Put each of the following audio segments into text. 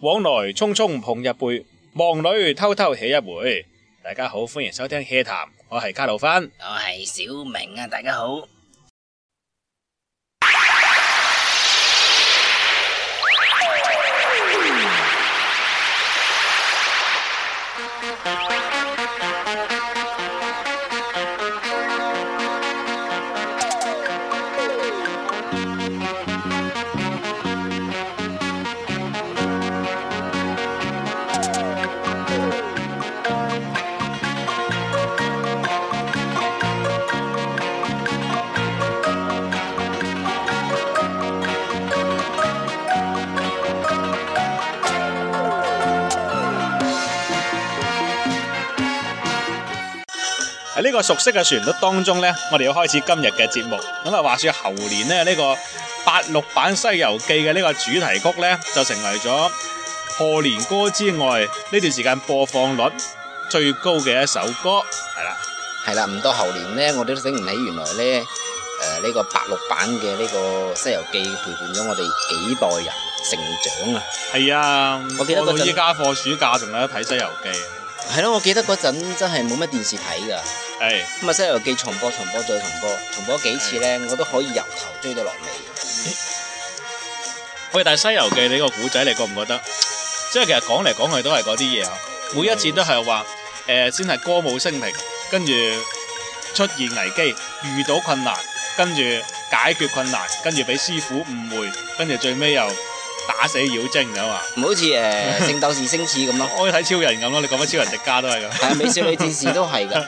往來匆匆碰一杯，望女偷偷喜一回。大家好，歡迎收聽《笑談》，我係卡路芬，我係小明啊，大家好。呢個熟悉嘅旋律當中呢，我哋要開始今日嘅節目。咁啊，話說猴年呢，呢、這個八六版《西遊記》嘅呢個主題曲呢，就成為咗賀年歌之外呢段時間播放率最高嘅一首歌，係啦，係啦。唔到猴年呢，我哋都醒唔起原來呢，誒、呃、呢、這個八六版嘅呢個《西遊記》陪伴咗我哋幾代人成長啊！係啊，我記得到依家放暑假仲有得睇《西遊記》。係咯，我記得嗰陣真係冇乜電視睇噶。係咁啊，《西遊記》重播、重播再重播，重播咗幾次咧，Hey. 我都可以由頭追到落尾。喂，hey. 但係《西遊記》呢個古仔，你覺唔覺得？即係其實講嚟講去都係嗰啲嘢啊，每一次都係話，誒、呃，先係歌舞升平，跟住出現危機，遇到困難，跟住解決困難，跟住俾師傅誤會，跟住最尾又。打死妖精啊嘛，唔好似誒聖鬥士星矢咁咯，我可以睇超人咁咯，你講乜超人迪迦都係咁，係 啊， 美少女戰士都係噶，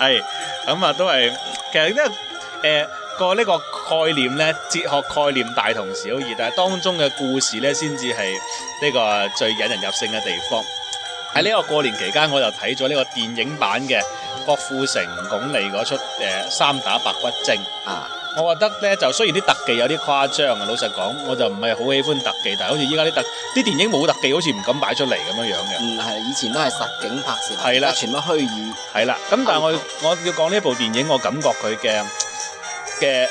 係咁啊，都係其實因為誒呢個概念咧，哲學概念大同小異，但係當中嘅故事咧，先至係呢個最引人入勝嘅地方。喺呢個過年期間，我就睇咗呢個電影版嘅郭富城、鞏俐嗰出嘅《三打白骨精》啊。我覺得咧，就雖然啲特技有啲誇張啊，老實講，我就唔係好喜歡特技，但係好似依家啲特啲電影冇特技，好似唔敢擺出嚟咁樣樣嘅。嗯，係，以前都係實景拍攝，而家了全部虛擬。係啦，咁但係我我要講呢部電影，我感覺佢嘅嘅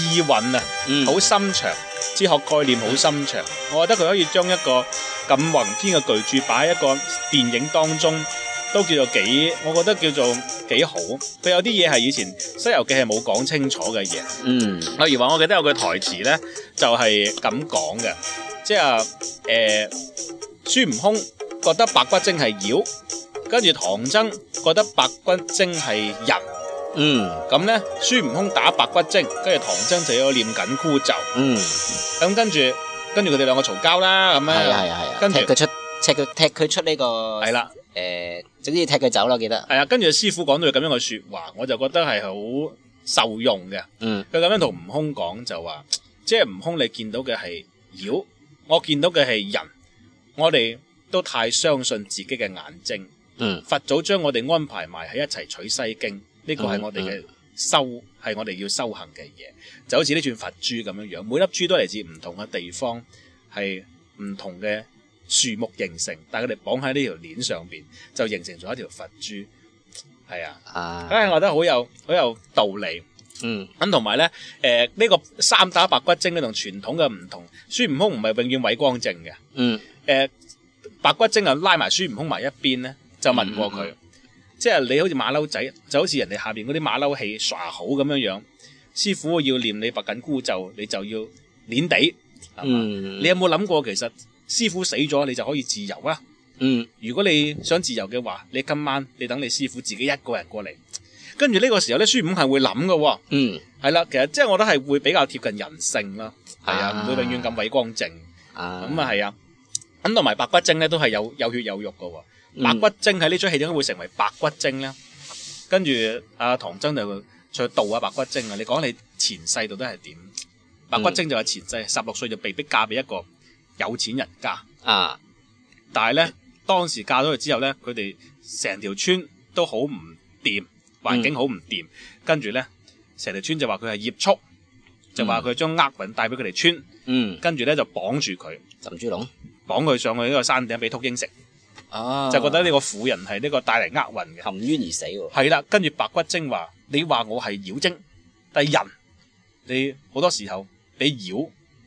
意韻啊，好、嗯、深長，哲學概念好深長。嗯、我覺得佢可以將一個咁宏篇嘅巨著擺喺一個電影當中。都叫做幾，我覺得叫做幾好。佢有啲嘢係以前《西遊記》係冇講清楚嘅嘢。嗯，例如話我記得有句台詞咧，就係咁講嘅，即係誒，孫悟空覺得白骨精係妖，跟住唐僧覺得白骨精係人。嗯。咁咧，孫悟空打白骨精，跟住唐僧就喺度念緊箍咒。嗯。咁跟住，跟住佢哋兩個嘈交啦，咁樣。係啊係啊。踢佢出，踢佢踢佢出呢個。係啦。誒，總之踢佢走咯，記得。係啊，跟住師父講到咁樣嘅說話，我就覺得係好受用嘅。嗯，佢咁樣同悟空講就話，即係悟空你見到嘅係妖，我見到嘅係人。我哋都太相信自己嘅眼睛。嗯。佛祖將我哋安排埋喺一齊取西經，呢、這個係我哋嘅修，係、嗯、我哋要修行嘅嘢。就好似呢串佛珠咁樣樣，每粒珠都嚟自唔同嘅地方，係唔同嘅樹木形成，但佢哋綁喺呢條鏈上邊，就形成咗一條佛珠。係啊，真係、啊哎、我覺得好有好有道理。嗯，咁同埋咧，誒、呃、呢、呢個三打白骨精咧，同傳統嘅唔同。孫悟空唔係永遠偉光正嘅。嗯，誒、呃、白骨精啊，拉埋孫悟空埋一邊咧，就問過佢，嗯、即係你好似馬騮仔，就好似人哋下邊嗰啲馬騮戲耍好咁樣樣。師傅要念你白緊箍咒，你就要碾地。係嘛？你有冇諗過其實？師傅死咗，你就可以自由啊！嗯，如果你想自由嘅話，你今晚你等你師傅自己一個人過嚟，跟住呢個時候咧，孫悟空係會諗嘅喎。嗯，係啦，其實即係我都係會比較貼近人性啦。係啊、嗯，唔會永遠咁偉光正。嗯、啊，咁啊係啊，咁同埋白骨精咧都係有有血有肉㗎喎。白骨精喺呢出戲點解會成為白骨精咧？跟住阿、啊、唐僧就會去度啊白骨精啊。你講你前世到底係點？白骨精就係前世十六歲就被逼嫁俾一個。有錢人家啊，但係咧，當時嫁咗佢之後咧，佢哋成條村都好唔掂，環境好唔掂，嗯、跟住咧成條村就話佢係孽畜，嗯、就話佢將厄運帶俾佢哋村，嗯，跟住綁住咧就綁住佢，浸豬籠綁佢上去呢個山頂俾禿鷹食，啊，就覺得呢個婦人係呢個帶嚟厄運嘅，含冤而死喎，係啦，跟住白骨精話你話我係妖精，但係人你好多時候你妖。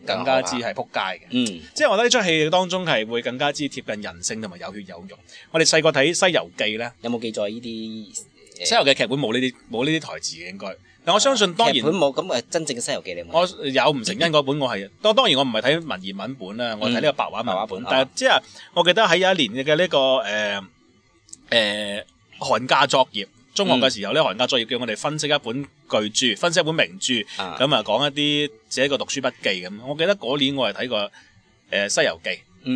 更加之係撲街嘅，嗯，即係我覺得呢齣戲當中係會更加之貼近人性同埋有血有肉。我哋細個睇《西遊記》呢咧，有冇記載呢啲？呃，《西遊記》劇本冇呢啲，冇呢啲台詞嘅應該。但我相信當然、啊、劇本冇咁嘅真正嘅《西遊記》你有有你冇。我有吳承恩嗰本我係，我當然我唔係睇文言文本啦，我睇呢個白話文本。嗯、白話本但係即係我記得喺有一年嘅呢、呢個誒誒、呃呃、寒假作業。中學嘅時候咧，寒假作業叫我哋分析一本巨著，分析一本名著，咁啊講一啲寫個讀書筆記咁。我記得嗰年我係睇過《誒西遊記》，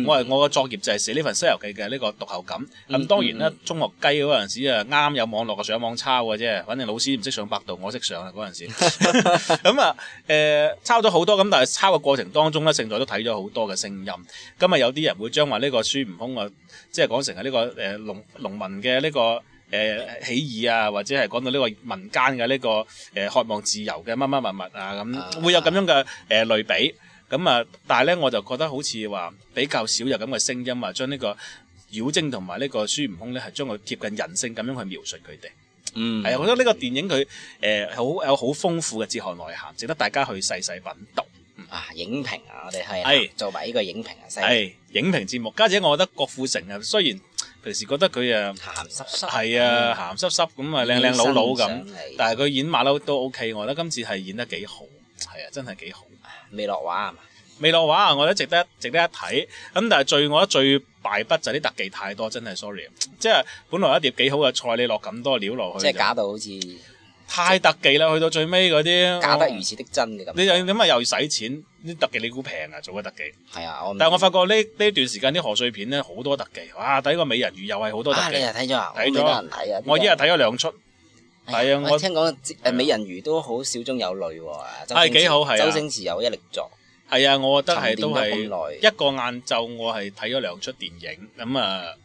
我係我嘅作業就係寫呢份《西遊記》嘅呢個讀後感。咁當然啦，中學雞嗰陣時啊，啱有網絡嘅上網抄嘅啫。反正老師唔識上百度，我識上啦嗰陣時。咁啊誒，抄咗好多咁，但係抄嘅過程當中咧，成日都睇咗好多嘅聲音。咁啊有啲人會將話呢個孫悟空啊，即係講成係呢個誒農農民嘅呢個。誒起義啊，或者係講到呢個民間嘅呢個誒渴望自由嘅乜乜物物啊，咁會有咁樣嘅誒類比。咁啊、uh，但係咧我就覺得好似話比較少有咁嘅聲音啊，將呢個妖精同埋呢個孫悟空咧，係將佢貼近人性咁樣去描述佢哋。嗯，係啊，我覺得呢個電影佢誒好有好豐富嘅哲學內涵，值得大家去細細品讀。嗯、啊，影評啊，我哋係、哎、做埋呢個影評啊，西。係、哎、影評節目，加住我覺得郭富城啊，雖然。平時覺得佢啊，鹹濕濕，係啊鹹濕濕咁啊，靚靚老老咁。但係佢演馬騮都 OK，我覺得今次係演得幾好，係啊真係幾好。未落畫係嘛？未落畫啊，我覺得值得值得一睇。咁但係最我覺得最敗筆就係啲特技太多，真係 sorry。嗯、即係本來一碟幾好嘅菜，你落咁多料落去，即係假到好似。太特技啦！去到最尾嗰啲假得如此的真嘅咁，哦、又你又點啊？又要使錢啲特技，你估平啊？做乜特技係啊，但係我發覺呢呢段時間啲賀歲片咧好多特技，哇！第一個美人魚又係好多特技，睇咗，啊，睇咗，我一日睇咗兩出，係、哎、呀啊！我聽講誒美人魚都好少中有淚喎，係幾好，係、啊、周星馳有一力作，係啊！我覺得係都係一個晏晝，我係睇咗兩出電影咁啊！嗯嗯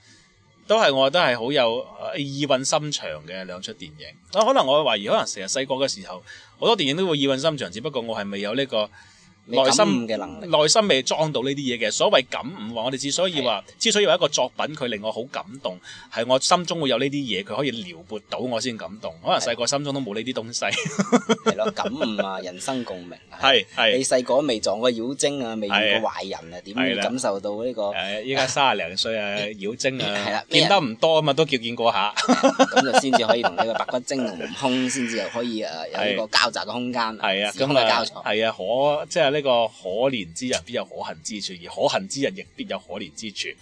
都係我都係好有、啊、意味深長嘅兩出電影、啊，可能我懷疑可能成日細個嘅時候好多電影都會意味深長，只不過我係未有呢、這個。內心嘅能力，內心未裝到呢啲嘢嘅。所謂感悟話，我哋之所以話，之所以有一個作品佢令我好感動，係我心中會有呢啲嘢，佢可以撩撥到我先感動。可能細個心中都冇呢啲東西，係咯，感悟啊，人生共鳴。係你細個未撞過妖精啊，未見過壞人啊，點感受到呢個？係依家三十零歲啊，妖精啊，見得唔多啊嘛，都叫見過下，咁就先至可以同呢個白骨精同悟空先至可以誒有呢個交集嘅空間，係啊，咁啊，係啊，可即係呢個可憐之人必有可恨之處，而可恨之人亦必有可憐之處。誒、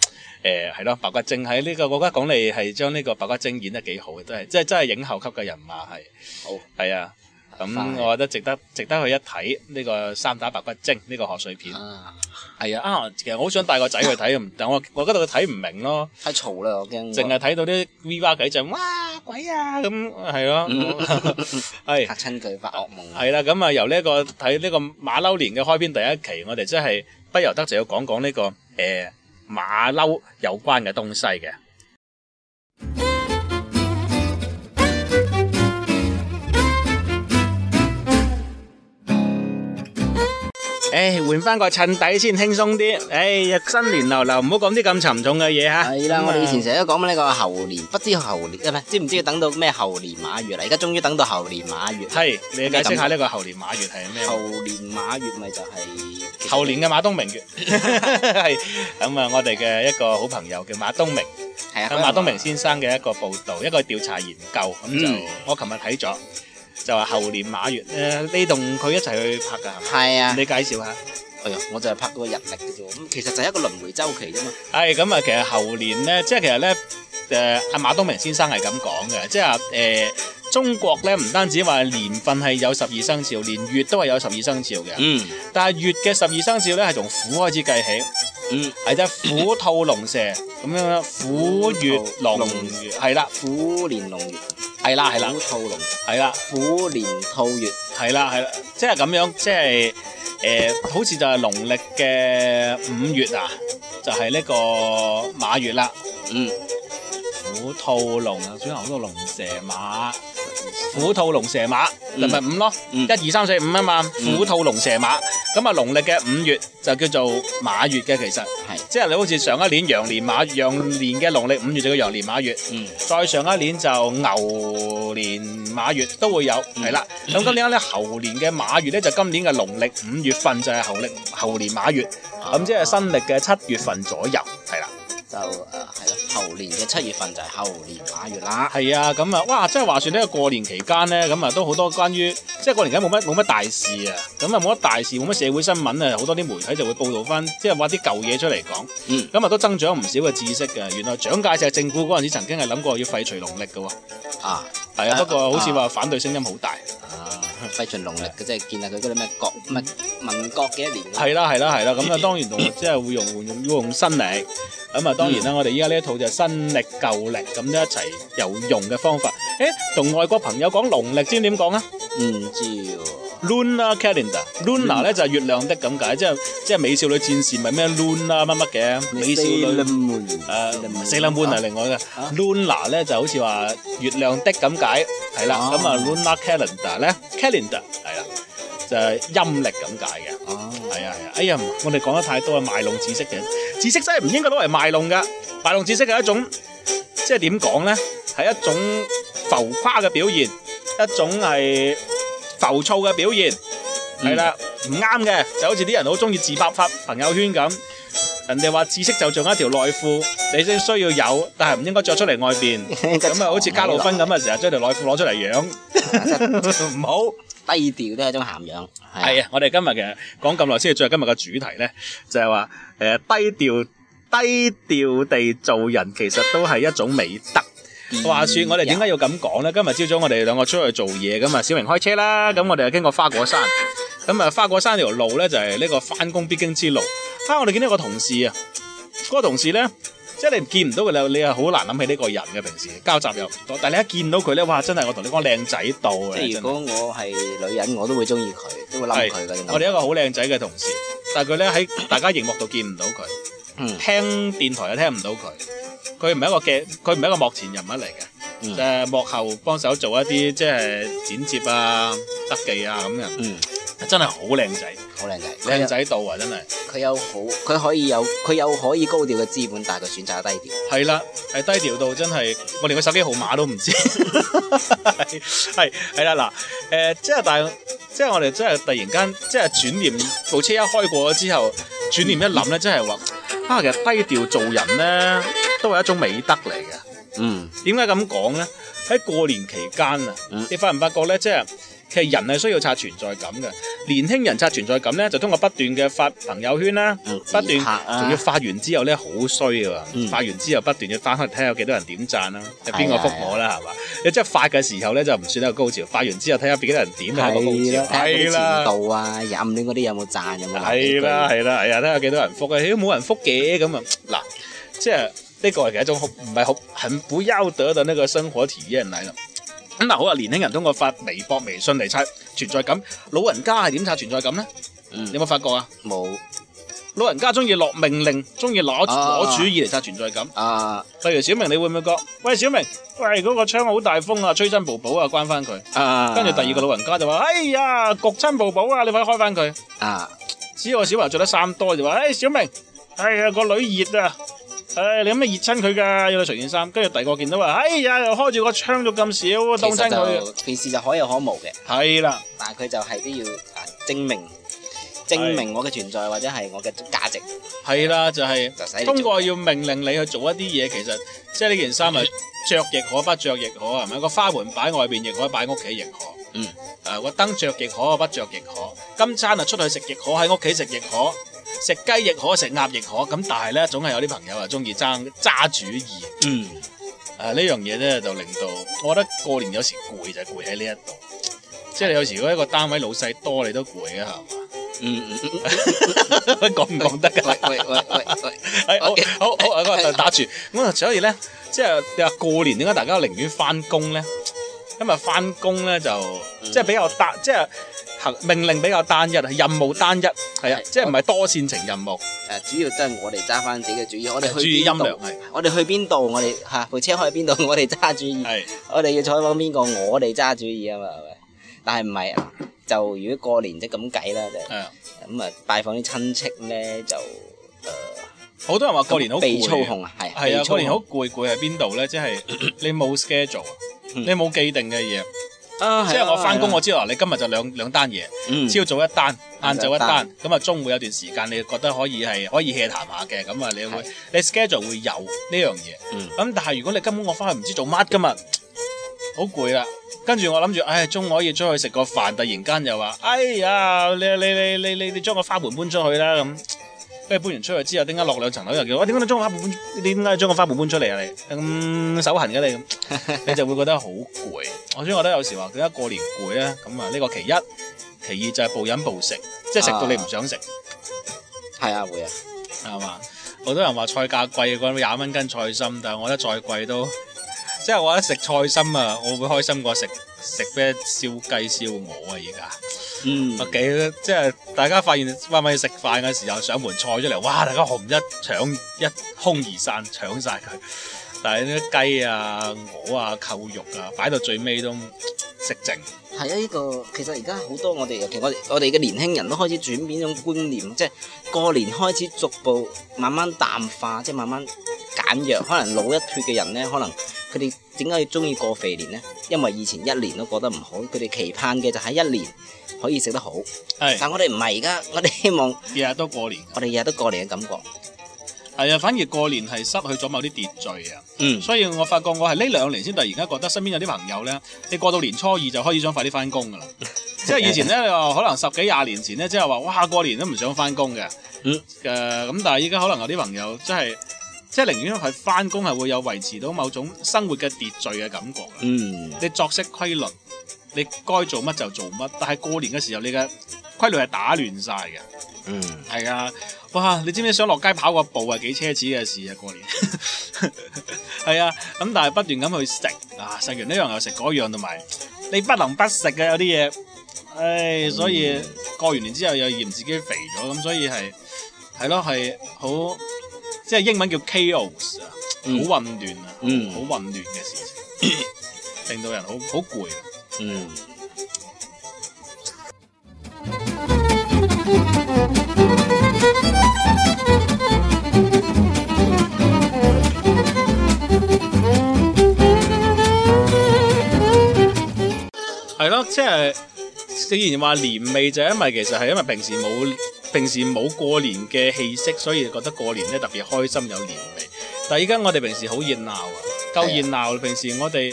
呃，係咯，白骨精喺呢個國家講嚟係將呢個白骨精演得幾好嘅，都係即係真係影后級嘅人物係。好，係啊。咁我覺得值得值得去一睇呢個《三打白骨精》呢個賀歲片，係啊，啊，啊其實我好想帶個仔去睇， 但我我嗰度睇唔明咯，太嘈啦我驚，淨係睇到啲 V R 幾陣，哇鬼啊咁係咯，係、嗯、嚇親佢發噩夢，係啦、啊，咁啊由呢個睇呢個馬騮年嘅開篇第一期，我哋真係不由得就要講講呢個誒馬騮有關嘅東西嘅。誒，換翻、哎、個襯底先輕鬆啲。誒、哎、呀，新年流流，唔好講啲咁沉重嘅嘢吓。係啦了，我哋、嗯、以前成日都講緊呢個猴年不知猴年，知唔知要等到咩猴年馬月啦？而家終於等到猴年馬月。係，你解釋下呢個猴年馬月係咩？猴年馬月咪就係猴年嘅馬東明月。係咁啊！我哋嘅一個好朋友叫馬東明，係啊，馬東明先生嘅一個報道，嗯、一個調查研究，咁就我琴日睇咗。就係猴年馬月，誒你同佢一齊去拍噶。係啊，你介紹下。哎呀，我就係拍個日曆嘅啫，咁其實就係一個輪迴周期啫嘛。誒，咁啊，其實猴年咧，即係其實咧，誒阿馬東明先生係咁講嘅，即係話誒中國咧，唔單止話年份係有十二生肖，連月都係有十二生肖嘅。嗯。但係月嘅十二生肖咧，係從虎開始計起。嗯。係即係虎兔龍蛇，咁樣，虎月龍月係啦、嗯，虎年龍月。龍龍龍龍龍係啦，係啦，虎兔龍，係啦的虎年兔月，係啦，係啦，即係咁樣，即係誒，好似就係農曆嘅五月啊，就係、是、呢個馬月啦。嗯，虎兔龍啊，仲有好多龍蛇馬，虎兔龍蛇馬，咪咪五咯，一二三四五啊嘛，虎兔龍蛇馬。咁啊，農曆嘅五月就叫做馬月嘅，其實係，是即係你好似上一年羊年馬月，羊年嘅農曆五月就叫羊年馬月，嗯，再上一年就牛年馬月都會有，係啦。咁、嗯嗯、今年咧，猴年嘅馬月呢，就今年嘅農曆五月份就係猴年，猴年馬月，咁、啊啊、即係新曆嘅七月份左右，係啦。就誒係咯，後年嘅七月份就係猴年馬月啦。係啊，咁啊，哇，即係話說呢咧，過年期間咧，咁啊都好多關於，即係過年間冇乜冇乜大事啊，咁啊冇乜大事，冇乜社會新聞啊，好多啲媒體就會報道翻，即係挖啲舊嘢出嚟講。嗯，咁啊都增長唔少嘅知識嘅。原來蔣介石係政府嗰陣時曾經係諗過要廢除農曆嘅。啊，係的啊，不過好似話反對聲音好大。費盡農曆嘅，的即係建立佢嗰啲咩國唔係民國嘅一年。係啦，係啦，係啦，咁啊當然同即係會用用用新曆，咁啊當然啦，嗯、我哋依家呢一套就係新曆舊曆咁一齊有用嘅方法。誒、欸，同外國朋友講農曆先唔知點講啊？唔知。Luna calendar，Luna 咧 Luna? 就係月亮的咁解，即係即係美少女戰士咪咩 Luna 乜乜嘅美少女，誒， 呃、四林滿係另外嘅、啊、，Luna 咧就好似話月亮的咁解，係啦，咁啊 Luna calendar 咧，calendar 係啦，就係、是、陰曆咁解嘅，哦，係啊，哎呀，我哋講得太多係賣弄知識嘅，知識真係唔應該攞嚟賣弄噶，賣弄知識係一種，即係點講咧，係一種浮誇嘅表現，一種係。浮躁嘅表現係啦，唔啱嘅，就好似啲人好中意自拍發朋友圈咁，人哋話知識就像一條內褲，你先需要有，但係唔應該着出嚟外邊，咁啊 好似加魯芬咁啊，成日將條內褲攞出嚟養，唔好、嗯、 低調都係一種涵養。係啊， 我哋今日其實講咁耐先至最後今日嘅主題咧，就係話誒低調低調地做人，其實都係一種美德。話說我哋點解要咁講咧？今日朝早我哋兩個出去做嘢噶嘛，小明開車啦，咁我哋又經過花果山，咁啊花果山條路咧就係呢個返工必經之路。哈、啊！我哋見到個同事啊，嗰個同事咧，即係你見唔到佢，你你係好難諗起呢個人嘅，平時交集又唔多，但係你一見到佢咧，哇！真係我同你講靚仔到啊！即係如果我係女人，我都會中意佢，都會諗佢是樣我哋一個好靚仔嘅同事，但係佢咧喺大家熒幕度見唔到佢。聽電台又聽唔到佢，佢唔係一個嘅，佢唔係一個幕前人物嚟嘅，誒幕後幫手做一啲即係剪接啊、特技啊咁樣。嗯，真係好靚仔，好靚仔，靚仔到啊！真係。佢有好，佢可以有，佢有可以高調嘅資本，但係佢選擇低調。係啦，係低調到真係，我連個手機號碼都唔知。係係啦嗱，誒，即係但係，即係我哋真係突然間，即係轉念，部車一開過咗之後，轉念一諗咧，真係話。啊，其實低調做人咧，都係一種美德嚟嘅。嗯，點解咁講咧？喺過年期間啊，嗯、你發唔發覺咧，即係。其實人係需要刷存在感嘅，年輕人刷存在感咧就通過不斷嘅發朋友圈啦，啊、不斷，仲要發完之後咧好衰噶，嗯、發完之後不斷要翻去睇下有幾多人點讚啦，係邊個覆我啦，係嘛的？即係發嘅時候咧就唔算得個高潮，發完之後睇下邊幾多人點讚係個高潮，睇下啲前度啊、暗戀嗰啲有冇讚咁樣，係啦係啦，哎呀睇下有幾多人覆嘅，咦都冇人覆嘅咁啊，嗱，即係呢個係一種唔係好很不要得的呢個生活體驗嚟啦。咁嗱，好啊！年輕人通過發微博、微信嚟刷存在感，老人家係點刷存在感呢？嗯、有冇發覺啊？冇沒。老人家中意落命令，中意攞攞主意嚟刷存在感。啊，例如小明，你會唔會覺？喂，小明，喂，嗰、那個窗好大風啊，吹親寶寶啊，關翻佢。啊，跟住第二個老人家就話：，哎呀，焗親寶寶啊，你快開翻佢。啊，只要個小朋友着得衫多就話：，哎，小明，哎呀，個女熱啊。誒、哎，你有咩，熱親佢噶，要你除件衫，跟住第二個見到話，哎呀，又開住個窗咁少，凍親佢。平時就，就可有可無嘅，係啦，但係佢就係啲要啊，證明，係啦，證明我嘅存在或者係我嘅價值。係啦，就係通過要命令你去做一啲嘢，嗯、其實即係呢件衫、嗯、啊，着亦可不着亦可，係咪，個花盆擺外邊亦可以擺屋企亦可，嗯，誒，個燈着亦可不着亦可，今餐啊出去食亦可喺屋企食亦可。食雞亦可，食鴨亦可，咁但係咧，總係有啲朋友啊，中意爭揸主意。嗯，誒呢樣嘢咧，就令到我覺得過年有時攰就係攰喺呢一度，即係你有時如果一個單位老細多，你都攰嘅係嘛？嗯嗯，講唔講得噶啦？喂喂喂，係好好好，我打住。咁啊，所以咧，即係你話過年點解大家寧願翻工咧？因為翻工咧就即係比較搭，即係。命令比較單一啊，任務單一係啊，即係唔係多線程任務？誒，主要都係我哋揸翻自己嘅主意，我哋注意音量，係我哋去邊度，我哋嚇部車開去邊度，我哋揸主意係，我哋要採訪邊個，我哋揸主意啊嘛，係咪？但係唔係啊？就如果過年即咁計啦，就係咁啊，拜訪啲親戚咧就誒，好多人話過年好被操控啊，係係啊，過年好攰攰喺邊度咧？即係你冇 schedule，你冇既定嘅嘢。啊、即係我翻工，我知道你今日就兩兩、啊、單嘢，朝、嗯、早一單，晏晝一單，咁啊、嗯、中午有段時間，你覺得可以係可以 hea 談下嘅，咁啊你會是你 schedule 會有呢樣嘢。咁、嗯、但係如果你根本我翻去唔知做乜噶嘛，好攰啊。跟住我諗住，唉，中午可以出去食個飯。突然間又話，哎呀，你你你你你你將個花盆搬出去啦咁。跟住搬完出去之後，點解落兩層樓又叫我？點解將個花盆點解將個花盆搬出嚟啊？你咁、嗯、手痕嘅你，你就會覺得好攰。 我所以覺得有時話點解過年攰咧？咁啊，呢個其一，其二就係暴飲暴食，即係食到你唔想食。係啊，啊，會啊，係嘛？好多人話菜價貴，講廿蚊斤菜心，但係我覺得再貴都，即係我覺得食菜心啊，我會開心過食食咩燒雞燒鵝啊！而家。嗯，幾即係大家發現，咪咪食飯嘅時候上盤菜出嚟，哇！大家紅一搶一空而散，搶晒佢。但係啲雞啊、鵝啊、扣肉啊，擺到最尾都食剩係啊，呢個其實而家好多我哋，尤其我哋我哋嘅年輕人都開始轉變一種觀念，即係過年開始逐步慢慢淡化，即係慢慢減弱。可能老一脫嘅人咧，可能佢哋點解要中意過肥年咧？因為以前一年都過得唔好，佢哋期盼嘅就喺一年可以食得好。係的，但我哋唔係而家，我哋希望日日都過年，我哋日日都過年嘅感覺。係啊，反而過年係失去咗某啲秩序啊，嗯，所以我發覺我係呢兩年先突然間覺得身邊有啲朋友咧，你過到年初二就開始想快啲翻工噶啦， 即係以前咧，你話可能十幾廿年前咧，即係話哇過年都唔想翻工嘅，嗯，誒咁、呃，但係依家可能有啲朋友即係即係寧願係翻工係會有維持到某種生活嘅秩序嘅感覺啊，嗯，嗯，你作息規律。你該做乜就做乜，但係過年嘅時候，你嘅規律係打亂晒嘅。嗯，係啊，哇！你知唔知想落街跑個步係幾奢侈嘅事啊？過年係 啊，咁但係不斷咁去食啊，食完呢樣又食嗰樣，同埋你不能不食嘅有啲嘢，唉，所以過完年之後又嫌自己肥咗，咁所以係係咯，係好即係英文叫 chaos 啊、嗯，好混亂啊，好、嗯、混亂嘅事情，嗯、 令到人好好攰。嗯，誒，係囉 即係，既然話年味就因為其實係因為平時冇平時冇過年嘅氣息，所以覺得過年咧特別開心有年味。但係而家我哋平時好熱鬧啊，夠熱鬧的平時我哋。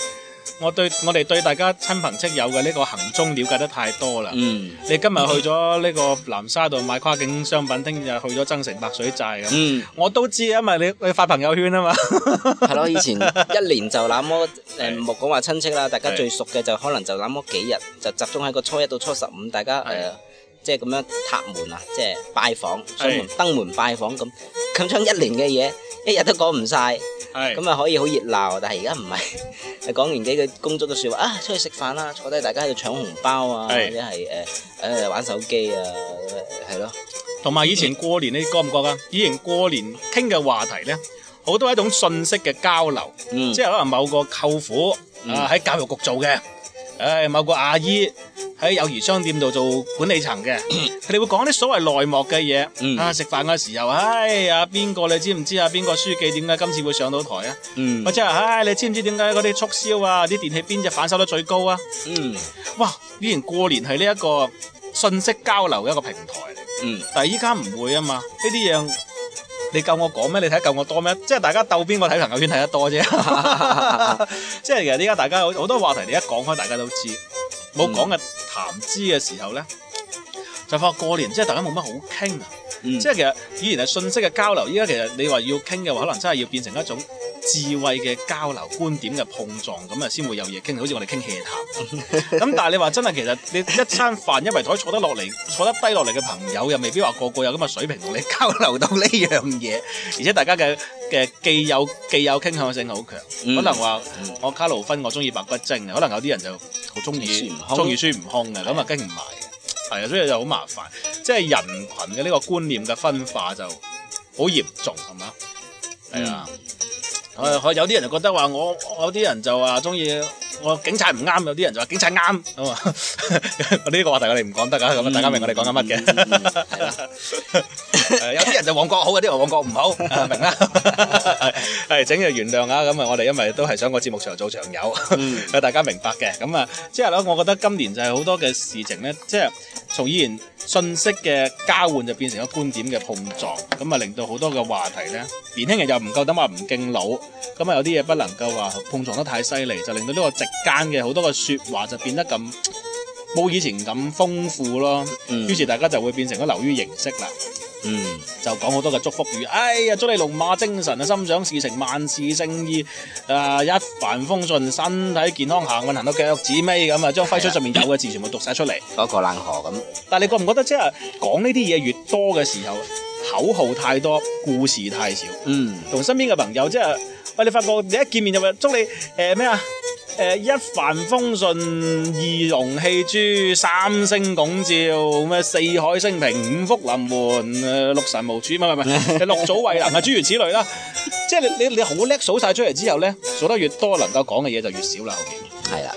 我對我哋對大家親朋戚友嘅呢個行蹤了解得太多啦。嗯，你今日去咗呢個南沙度買跨境商品，聽日去咗增城白水寨咁，嗯，我都知因為你你發朋友圈啊嘛。係咯，以前一年就那麼誒，唔好講話親戚啦，大家最熟嘅就可能就那麼幾日，就集中喺個初一到初十五，大家誒。嗯嗯即係咁樣踏門啊，即係拜訪上門登門拜訪咁，咁將一年嘅嘢，一日都講唔晒，咁啊可以好熱鬧，但係而家唔係，講完幾個工作嘅說話啊，出去食飯啦，坐低大家喺度搶紅包啊，或者係誒誒玩手機啊，係咯，同埋以前過年你覺唔覺啊？以前過年傾嘅話題咧，好多係一種信息嘅交流，即係可能某個舅父啊喺教育局做嘅。唉、哎，某個阿姨喺友誼商店度做管理層嘅，佢哋 會講啲所謂內幕嘅嘢、嗯啊哎。啊，食飯嘅時候，唉，阿邊個你知唔知啊？邊個書記點解今次會上到台啊？或者係唉，你知唔知點解嗰啲促銷啊、啲電器邊隻反收得最高啊？嗯，哇！以前過年係呢一個信息交流嘅一個平台嚟，嗯，但係依家唔會啊嘛，呢啲樣。你夠我講咩？你睇得夠我多咩？即係大家鬥邊個睇朋友圈睇得多啫。 即係其實依家大家好多話題，你一講開大家都知。冇講嘅談資嘅時候咧，嗯、就發過年即係大家冇乜好傾啊。嗯、即係其實以前係信息嘅交流，依家其實你話要傾嘅話，可能真係要變成一種。智慧嘅交流、觀點嘅碰撞，咁啊先會有嘢傾。好似我哋傾氣壇咁， 但係你話真係其實你一餐飯一圍台坐得落嚟，坐得低落嚟嘅朋友又未必話個,個個有咁嘅水平同你交流到呢樣嘢，而且大家嘅嘅既有既有傾向性好強，可能話我,、嗯嗯、我卡路芬我中意白骨精，可能有啲人就好中意中意孫悟空嘅，咁啊跟唔埋嘅係啊，所以就好麻煩，即係人群嘅呢個觀念嘅分化就好嚴重，係咪啊？係啊。誒，我有啲人就覺得話，我我有啲人就話中意。我警察唔啱，有啲人就話警察啱咁啊！我 呢個話題我哋唔講得㗎！咁啊、嗯，大家明我哋講緊乜嘅？有啲人就旺角好，有啲人旺角唔好，明啦。係整嘅原諒啊！咁啊，我哋因為都係想個節目長做長有，大家明白嘅。咁 啊， 即係咧，我覺得今年就係好多嘅事情咧，即、就、係、是、從依然信息嘅交換就變成咗觀點嘅碰撞，咁啊令到好多嘅話題咧，年輕人又唔夠膽話唔敬老，咁啊有啲嘢不能夠話碰撞得太犀利，就令到呢個值間嘅好多嘅說話就變得咁冇以前咁豐富咯，嗯，於是大家就會變成咗流於形式啦，嗯，就講好多嘅祝福語，哎呀，祝你龍馬精神啊，心想事成，萬事勝意，啊，一帆風順，身體健康，行運行到腳趾尾咁啊，將揮春上面有嘅字全部讀晒出嚟，嗰個冷河咁。但係你覺唔覺得、就是，即係講呢啲嘢越多嘅時候，口號太多，故事太少，嗯，同身邊嘅朋友即係喂，你發覺你一見面就話，祝你誒咩啊？呃誒，一帆風順，二龍戲珠，三星拱照，咩四海升平，五福臨門，誒，六神無主，咪咪咪， 六祖慧能啊，諸如此類啦。即係你你你好叻數晒出嚟之後咧，數得越多，能夠講嘅嘢就越少啦。後邊係啦，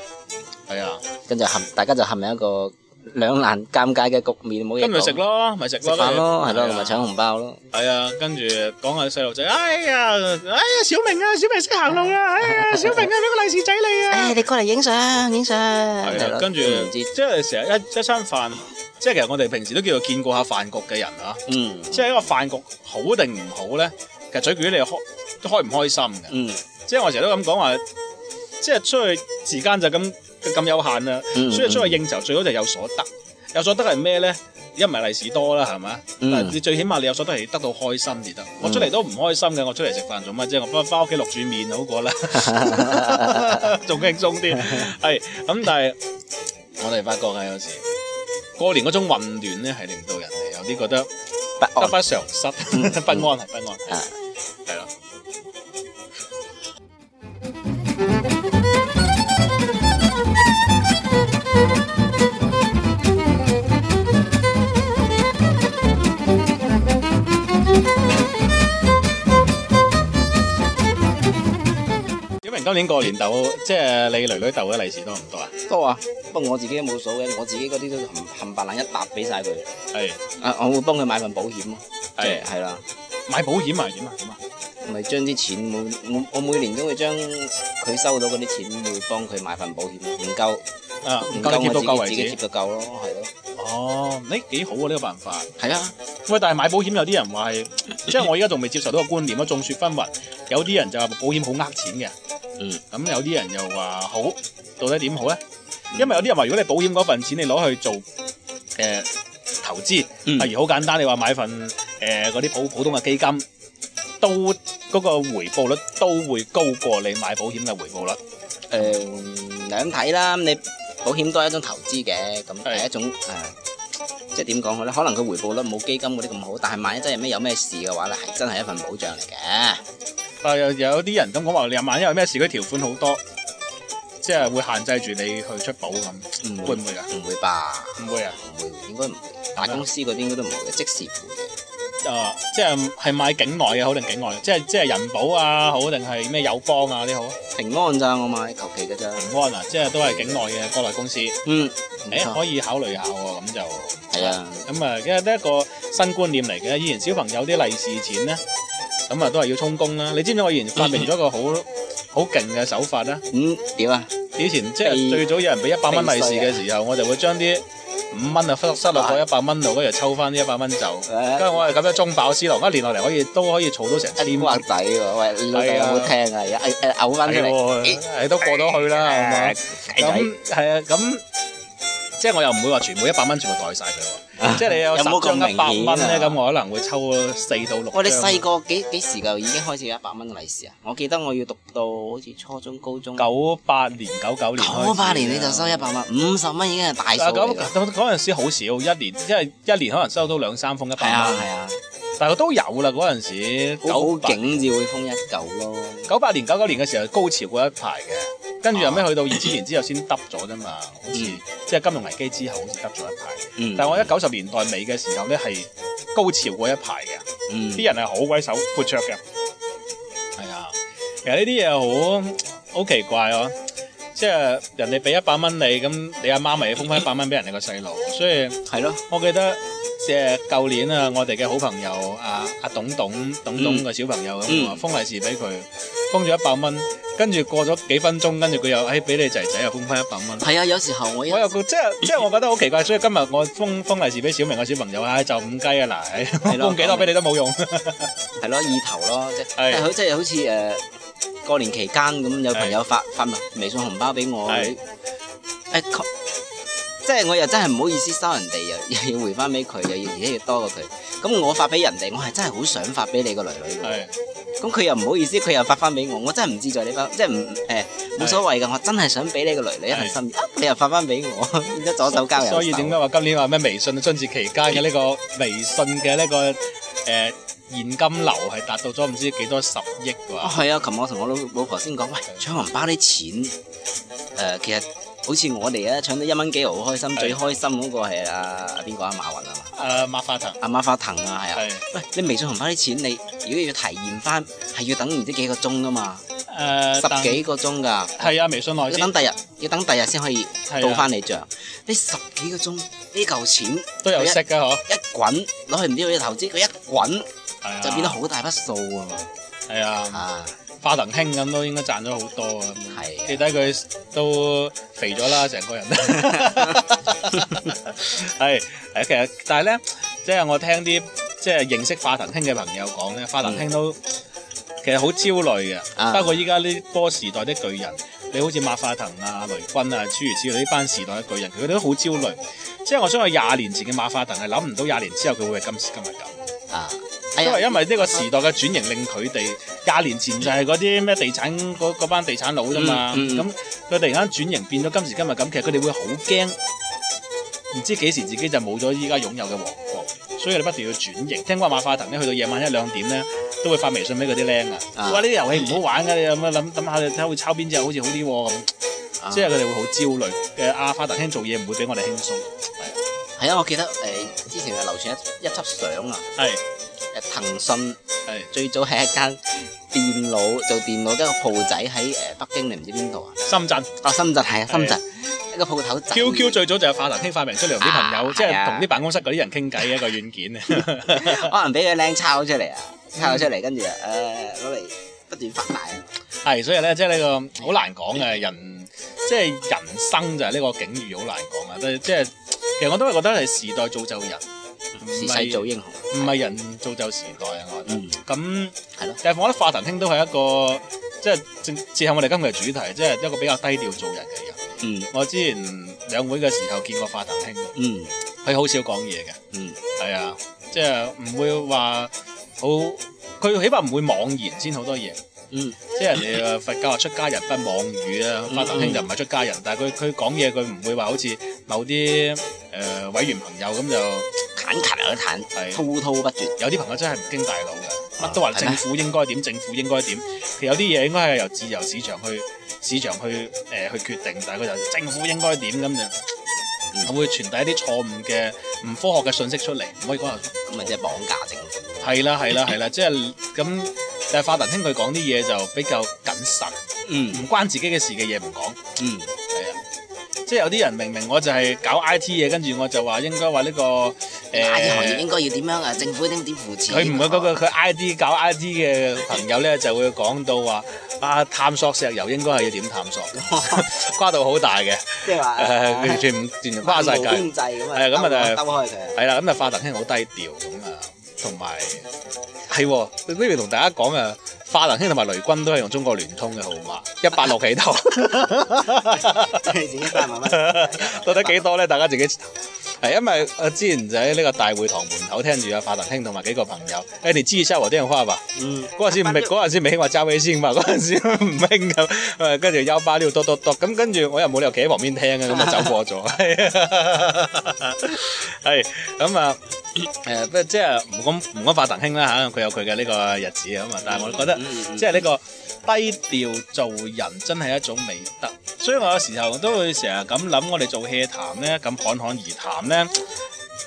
係啊，啊跟住合，大家就合另一個。兩難尷尬嘅局面，冇嘢跟住食咯，咪食咯，食飯咯，係咯，咪搶紅包咯，係啊，跟住講下細路仔，哎呀，哎呀，小明啊，小明識行路啊，哎呀，小明啊，俾個利是仔你啊，誒，你過嚟影相，影相，跟住即係成日一一餐飯，即係其實我哋平時都叫做見過下飯局嘅人啊，即係一個飯局好定唔好咧，其實取決於你開開唔開心嘅。即係我成日都咁講話，即係出去時間就咁。咁有限啦、啊，嗯嗯嗯，所以出去應酬最好就有所得。有所得係咩咧？一唔係利是多啦，係咪？你、嗯、最起碼你有所得係得到開心先得、嗯我心。我出嚟都唔開心嘅，我出嚟食飯做乜啫？我翻翻屋企落住麵好過啦，仲 輕鬆啲。係咁、 嗯，但係 我哋發覺啊，有時過年嗰種混亂咧，係令到人哋有啲覺得得不償失不安啊， 不安啊。 今年過年竇，即係你女女竇嘅利是多唔多？多啊？多啊，不過我自己都冇數嘅，我自己嗰啲都冚唪唥一沓俾晒佢。係啊的，我會幫佢買份保險咯。係係啦，買保險咪點啊？點啊？咪將啲錢，我我每年都會將佢收到嗰啲錢，會幫佢買份保險，唔夠啊，唔夠貼夠到夠為止，貼到夠咯，係咯。哦，誒、欸、幾好啊！呢、這個辦法係啊的喂，但係買保險有啲人話係， 即係我而家仲未接受到個觀念咯，眾説紛紜，有啲人就話保險好呃錢嘅。嗯，咁有啲人又話好，到底點好咧？嗯、因為有啲人話如果你保險嗰份錢你攞去做誒、呃、投資，例、嗯、如好簡單，你話買份誒嗰啲普普通嘅基金，都嗰、嗰個回報率都會高過你買保險嘅回報率。誒、嗯，嗯、兩睇啦，你保險都係一種投資嘅，咁都係一種誒是、呃，即係點講好咧？可能佢回報率冇基金嗰啲咁好，但係萬一真係咩有咩事嘅話咧，係真係一份保障嚟嘅。有啲人咁講話，你萬一有咩事，嗰條款好多，即係會限制住你去出保咁，會唔會，會，會啊？唔會吧？唔會啊？唔會，應該唔會。大公司嗰啲應該都唔會即時賠嘅嗎、啊。即係係買境外嘅好定境外？即係即係人保啊，好定係咩友邦啊啲好？平安咋、啊、我買，求其嘅咋。平安啊，即係都係境外嘅國內公司。嗯，你、欸、可以考慮下喎，咁就係啊。咁啊就，因為呢一個新觀念嚟嘅，以前小朋友啲利是錢咧。咁啊，都係要充公啦！你知唔知我以前發明咗一個好好勁嘅手法啊？嗯，點啊？以前即係最早有人俾一百蚊利是嘅時候，啊、我就會將啲五蚊啊，失失落咗一百蚊度，跟住抽翻呢一百蚊走，跟住我係咁樣中飽私囊，一年落嚟可以都可以儲到成點滑仔喎！喂，老細有冇聽啊？嘔翻出你都過到去啦，係嘛？咁係啊，咁、啊。即係我又唔會話全部一百蚊全部袋晒佢喎，啊、即係你有冇十張一百蚊咧，咁、啊、我可能會抽四到六。我哋細個幾幾時就已經開始一百蚊利是啊？我記得我要讀到好似初中高中。九八年九九年。九八年，年你就收一百蚊，五十蚊已經係大數。嗰陣、啊、時好少，一年因為一年可能收到兩三封一百蚊。係啊。但係都有啦，嗰陣時封一九景至會封一嚿咯。九八年、九九年嘅時候高潮過一排嘅，跟住後尾去到二千年之後先得咗啫嘛。好似、嗯、即係金融危機之後，好似得咗一排。嗯、但係我喺九十年代尾嘅時候咧，係高潮過一排嘅。啲、嗯、人係好鬼手闊綽嘅，係啊。其實呢啲嘢好好奇怪啊。即係人哋俾一百蚊你，咁你阿媽咪要封翻一百蚊俾人哋個細路，所以係咯，的我記得。即係舊年啊，我哋嘅好朋友啊，阿董董董董嘅小朋友咁啊，封利是俾佢，封咗一百蚊，跟住過咗幾分鐘，跟住佢又誒，俾你仔仔又封翻一百蚊。係啊，有時候我又即係即係，我覺得好奇怪，所以今日我封封利是俾小明嘅小朋友啊，就五雞啊嗱，係，封幾多俾你都冇用，係咯，意頭咯，即係好即係好似誒，過年期間咁有朋友發發微信紅包俾我，即係我又真係唔好意思收人哋，又又要回翻俾佢，又要而家要多過佢。咁我發俾人哋，我係真係好想發俾你個女女。係的。咁佢又唔好意思，佢又發翻俾我，我真係唔自在你方，即係唔誒冇所謂噶，的我真係想俾你個女女，一份心意。你又發翻俾我，變咗左手交右手。所以點解話今年話咩微信春節期間嘅呢個微信嘅呢、這個誒、呃、現金流係達到咗唔知幾多十億嘅話？係啊、哦，琴日我同我老老婆先講，喂，搶紅包啲錢、呃、其實。好似我哋啊，搶到一蚊幾好開心，最開心嗰個係阿邊個啊？馬雲係嘛？誒，馬化騰，阿馬化騰啊，係啊。喂，你微信存翻啲錢，你如果要提現翻，係要等唔知幾個鐘噶嘛？誒，十幾個鐘噶。係啊，微信內。要等第日，要等第日先可以報翻你賬。你十幾個鐘，呢嚿錢都有息㗎嗬。一滾攞去唔知去投資，佢一滾就變得好大筆數啊嘛。係啊。化騰兄咁都應該賺咗好多啊！的記得佢都肥咗啦，成個人係係其實， okay, 但係咧，即係我聽啲即係認識化騰兄嘅朋友講咧，化騰兄都其實好焦慮嘅。的包括依家呢波時代的巨人，嗯、你好似馬化騰啊、雷軍啊、諸如此類呢班時代嘅巨人，佢哋都好焦慮。即係我想話廿年前嘅馬化騰係諗唔到廿年之後佢會係今時今日咁。因為因為呢個時代嘅轉型，令佢哋廿年前就係嗰啲咩地產，嗰班地產佬啫嘛，咁佢、嗯嗯、突然間轉型變咗今時今日咁，其實佢哋會好驚，唔知幾時自己就冇咗依家擁有嘅王國，所以你不斷要轉型。聽講馬化騰咧，去到夜晚一兩點咧，都會發微信俾嗰啲僆啊，話呢啲遊戲唔好玩噶，你有乜諗諗下，睇下會抄邊隻啊，好似好啲咁，即係佢哋會好焦慮。誒，阿化騰兄做嘢唔會俾我哋輕鬆。係啊，我記得誒，之前係流傳一一輯相啊。係誒，騰訊係最早係一間電腦做電腦間個鋪仔喺誒北京，你唔知邊度啊？深圳啊，深圳係啊，深圳一個鋪頭。Q Q 最早就係化騰發明出嚟同啲朋友，即係同啲辦公室嗰啲人傾偈嘅一個軟件啊。可能俾佢靚抄出嚟啊，抄出嚟跟住誒攞嚟不斷發大。係，所以咧即係呢個好難講嘅人，即係人生就係呢個境遇好難講啊，即係。其實我都係覺得係時代造就人，唔係造英雄，唔係人造就時代啊！我咁係咯，但係我覺得化騰兄都係一個即係正接近我哋今日嘅主題，即係一個比較低調做人嘅人。嗯，我之前兩會嘅時候見過化騰兄，嗯，佢好少講嘢嘅，嗯，係啊，即係唔會話好，佢起碼唔會妄言先好多嘢。嗯，即係人哋話佛教話出家人不妄語啊，法達兄就唔係出家人，嗯嗯、但係佢佢講嘢佢唔會話好似某啲誒、呃、委員朋友咁就侃侃而談滔滔不絕。有啲朋友真係唔經大腦嘅，乜都話政府應該點，啊，政府應該點。其實有啲嘢應該係由自由市場去市場去誒、呃、去決定，但係佢就政府應該點咁就，嗯、會傳遞一啲錯誤嘅唔科學嘅信息出嚟，唔可以講話咁咪即係綁架政府。係啦係啦係啦，即係咁。嗯嗯 但係法達兄佢講啲嘢，就比較謹慎，嗯，唔關自己嘅事嘅嘢唔講，嗯，係啊，即係有啲人明明我就係搞 I T 嘅，跟住我就話應該話呢個誒，I T 行業應該要點樣啊？政府點點扶持？佢唔會嗰個佢 I d 搞 I T 嘅朋友咧，就會講到話啊探索石油應該係要點探索，瓜到好大嘅，即係話，完全唔完全瓜晒計，係啊咁啊就係，係啦咁啊法達兄好低調咁啊，同埋。係你呢邊同大家講啊。化騰兄同埋雷軍都係用中國聯通嘅號碼，一百六幾多，到底幾多咧？大家自己係，因為阿之前就喺呢個大會堂門口聽住阿化騰兄同埋幾個朋友，誒、欸，你記一下我電話吧。嗯，嗰陣時未，嗰陣時未話揸尾先嘛？嗰陣時唔興咁，跟住 U 盤呢度多多多，咁跟住我又冇理由企喺旁邊聽嘅，咁啊走過咗。係、 呃、啊，咁啊，誒，不即係唔講唔講化騰兄啦吓，佢有佢嘅呢個日子啊嘛，但係我覺得。嗯嗯、即係呢個低調做人真係一種美德，所以我有時候都會成日咁諗，我哋做戲談呢，咁侃侃而談呢。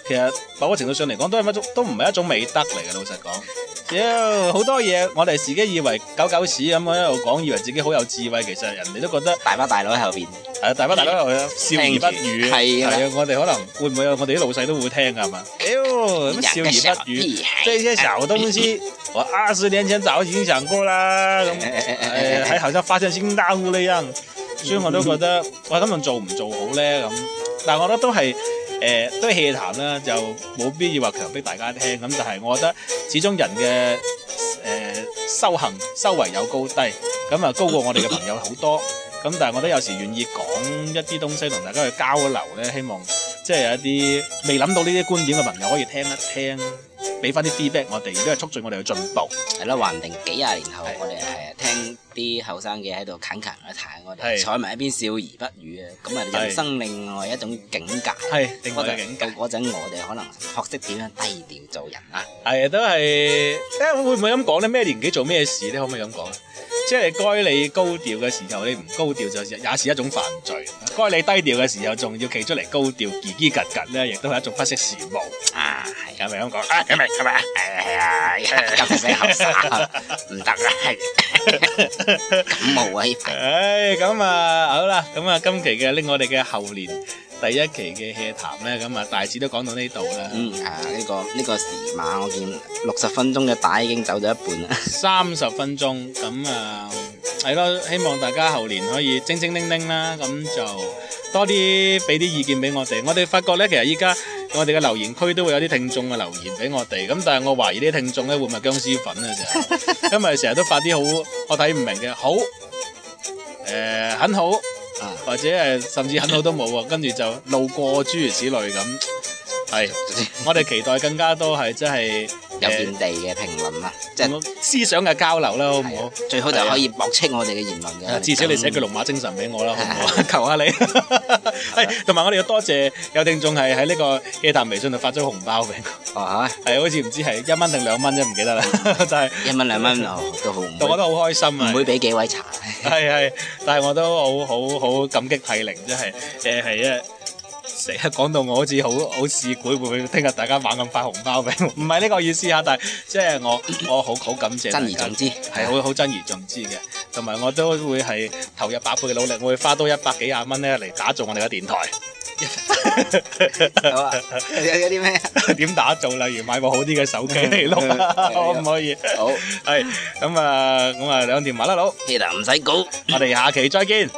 其實某個程度上嚟講，都係一種都唔係一種美德嚟嘅。老實講，屌好多嘢，我哋自己以為狗狗屎咁一路講，以為自己好有智慧，其實人哋都覺得大把大佬喺後邊，係啊，大把大佬喺度，笑而不語，係啊，我哋可能會唔會有我哋啲老細都會聽噶係嘛，屌乜笑而不語，這些小東西我二十年前早就影響過啦，咁、嗯，喺、啊、 好發生發現新大陸一樣，所以我都覺得我今日做唔做好咧咁，但係我覺得都係。誒、呃，都係氣談啦，就冇必要話強迫大家聽。咁但係，我覺得始終人嘅誒、呃、修行、修為有高低，咁啊高過我哋嘅朋友好多。咁但係，我都有時願意講一啲東西同大家去交流咧。希望即係有一啲未諗到呢啲觀點嘅朋友可以聽一聽，俾翻啲 feedback，我哋都係促進我哋嘅進步。係啦，還定幾廿年後，的我哋係聽。啲後生嘅喺度近近嘅睇，我哋坐埋一邊笑而不語啊！咁啊是，人生另外一種境界。係，另外境界到嗰陣我哋可能學識點樣低調做人啦。係啊，都係，誒、欸、會唔會咁講咧？咩年紀做咩事咧？你可唔可以咁講？即、就、係、是、該你高調嘅時候，你唔高調就是、也是一種犯罪；該你低調嘅時候，仲要企出嚟高調，茍茍吉吉咧，亦都係一種不識時務。啊，係咪咁樣講啊，係咪，係咪？係啊，咁使咳嗽啊，唔得啦！感冒啊，呢排、 哎。唉，咁啊，好啦，咁啊，今期嘅拎我哋嘅猴年第一期嘅戲談呢，咁啊，大致都講到呢度啦。嗯，呢、啊這個呢、這個時碼我見六十分鐘嘅帶已經走咗一半啦。三十分鐘，咁啊，係咯，希望大家猴年可以精精靈靈啦，咁就多啲俾啲意見俾我哋。我哋發覺呢，其實依家我哋嘅留言區都會有啲聽眾嘅留言俾我哋，咁但係我懷疑。啲聽眾咧會唔係殭屍粉啊？就 因為成日都發啲好我睇唔明嘅好，誒、呃、很好，或者誒甚至很好都冇啊，跟住就路過諸如此類咁。係，我哋期待更加多係真係。有見地嘅評論啦，即係思想嘅交流啦，好唔好、啊？最好就可以駁斥我哋嘅言論嘅。啊、是是至少你寫句龍馬精神俾我啦，好唔好？ 求下求你。誒、 啊，同埋我哋要多謝有定仲係喺呢個熱談微信度發咗紅包俾我。啊好似唔知係一蚊定兩蚊啫，唔記得啦。就係一蚊兩蚊都好，我覺得好開心啊。唔會俾幾位查。係 係，但係我都好好好感激涕零，真係誒係一。成日講到我好似好好市儈，會唔會聽日大家玩買咁快紅包俾我？唔係呢個意思啊，但係即係我我好好感謝，真而重之，係好好真而重之嘅，同埋我都會係投入百倍嘅努力，我會花多一百幾廿蚊咧嚟，打造我哋嘅電台。有有啲咩？點打造？例如買部好啲嘅手機嚟攞，可唔 好的可以？好係咁啊，咁啊，兩段麥啦佬，呢度唔使講，我哋 下期再見。